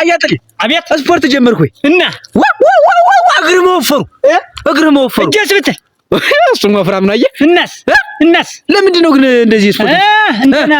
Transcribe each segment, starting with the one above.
አያጥል አቤት ስፖርት ጀመርኩ እና እግር መወፈሩ እግር መወፈሩ ወፍራም ነው። አየህ እናስ እናስ ለምንድን ነው ግን እንደዚህ ስፖርት እንትና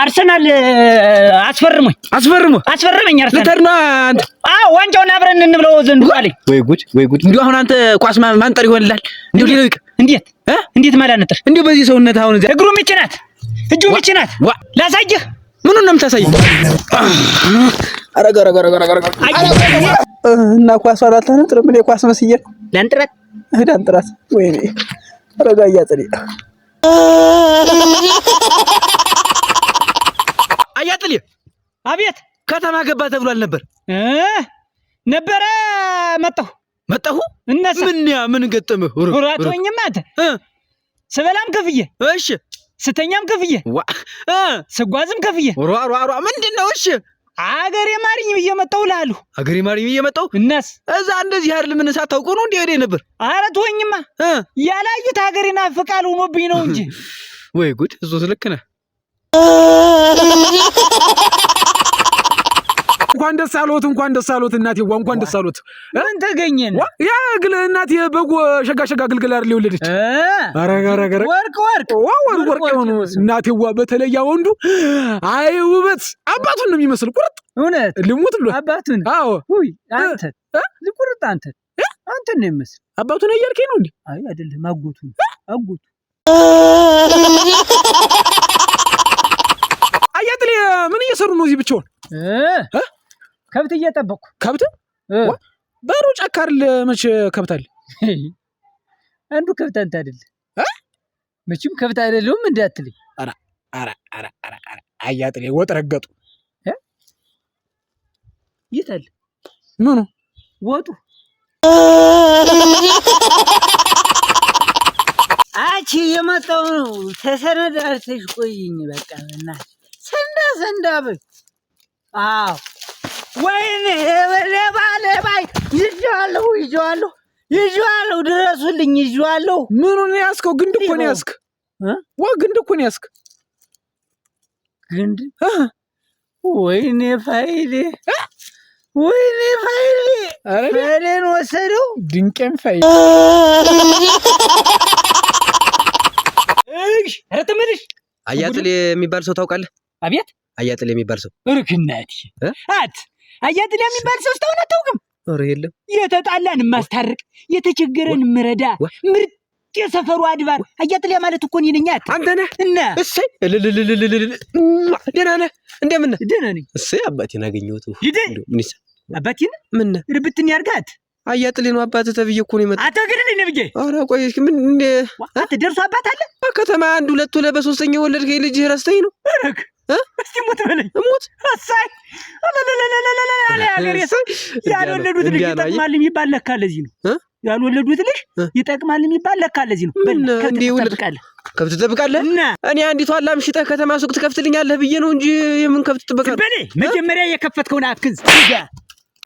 አርሰናል አስፈርሞኝ አስፈርሞ አስፈረመኝ አርሰናል ልተርና አንተ አዎ ዋንጫውን አብረን እንብለው ዘንድሮ አለኝ። ወይ ጉድ ወይ ጉድ! እንዲሁ አሁን አንተ ኳስ ማንጠር ይሆንላል። እንዲሁ ሌላው ይቅር እንዴት እንዴት ማላነጥር እንዲሁ በዚህ ሰውነት አሁን እግሩ እጁ ላሳየህ። ምኑን ነው የምታሳየህ? እና ኳስ አላልተነጥርም። መስዬ ወይኔ እያጥሪ አያጥል አቤት ከተማ ገባ ተብሏል ነበር ነበረ መጣሁ መጣሁ እነሳ ምን ያ ምን ገጠመህ? አንተ ስበላም እሺ ስተኛም ከፍዬ ስጓዝም ሯሯሯ ምንድን ነው እሺ አገሬ ማሪኝ ብዬ መጣሁ እልሃለሁ። አገሬ ማሪኝ ብዬ መጣሁ። እናስ እዛ እንደዚህ አይደለም ምን ሳታውቀው ነው እንዴ ሄደ ነበር? ኧረ ተወኝማ ያላዩት ሀገሬ ናፍቃል ሆኖብኝ ነው እንጂ። ወይ ጉድ! እሱስ ልክ ነህ። እንኳን ደስ አሎት፣ እንኳን ደስ አሎት እናቴ፣ እንኳን ደስ አሎት። ምን ተገኘን? ያ ግል እናቴ በጎ ሸጋ ሸጋ ግልግል አይደል የወለደች? ኧረ ኧረ ኧረ ወርቅ ወርቅ ወርቅ ወርቅ የሆኑ እናቴዋ፣ በተለይ ያ ወንዱ አይ ውበት አባቱን ነው የሚመስል ቁርጥ እውነት ልሙት ብሎ አባቱን። አዎ አንተ ቁርጥ አንተ አንተ ነው የሚመስል አባቱን እያልከኝ ነው እንዴ? አይ አይደለም፣ አጎቱ አጎቱ አያጥሌ ምን እየሰሩ ነው እዚህ ብቻውን? ከብት እየጠበቅኩ ከብት በሩ ጫካ አይደል? መቼ ከብት አለ? አንዱ ከብት አንተ አይደል? መቼም ከብት አይደለሁም እንዳትልኝ። አያጥሌ ወጥ ረገጡ ይጠል ምኑ ወጡ አቺ የመጣው ነው። ተሰነድ አርተሽ ቆይኝ። በቃ ና ሰንዳ ሰንዳ በይ። አዎ ወይኔ ሌባ ሌባይ ይዤዋለሁ፣ ይዤዋለሁ፣ ይዤዋለሁ። ድረሱልኝ፣ ይዤዋለሁ። ምኑን ያስከው? ግንድ እኮ ነው ያስክ። ዋ ግንድ እኮ ነው ያስክ። ግንድ ወይኔ ፋይሌ ወይኔ ፋይሌ ፋይሌን ወሰደው። ድንቄም ፋይሌ ኧረ አያጥል የሚባል ሰው ታውቃለህ? አቤት አያጥል የሚባል ሰው እርክናት አት አያጥል የሚባል ሰው እስካሁን አታውቅም? ኧረ የለም። የተጣላን ማስታርቅ፣ የተቸገረን ምረዳ፣ ምርጥ የሰፈሩ አድባር አያጥል ማለት እኮ እኔ ነኝ። አንተ ነህ እና እሰይ፣ ደህና ነህ? እንደምን ነህ? ደህና ነኝ። እሰይ አባቴን አገኘሁት። ምን ይሳ አባቴን ምን ርብትን ያርጋት አያጥሌ ነው አባት ተብዬ እኮ ነው የመጣው። አቶ ግድል ነው ብዬ። ኧረ ቆይ ምን እንደ አት ደርሶ አባት አለ ከተማ አንድ ሁለት ሁለት በሶስተኛ ወለድክ ልጅ ረስተኝ ነው አረክ እስቲ ሞት በለኝ ሞት አሳይ ያልወለዱት ልጅ ይጠቅማል የሚባል ለካ ለዚህ ነው። ያልወለዱት ልጅ ይጠቅማል የሚባል ለካ ለዚህ ነው። ከብት ትጠብቃለህ ከብት ትጠብቃለህ። እኔ አንዲቷ አላም ሽጠህ ከተማ ሱቅ ትከፍትልኛለህ ብዬ ነው እንጂ የምን ከብት ትጠብቃለህ። በኔ መጀመሪያ የከፈትከውን አትክዝ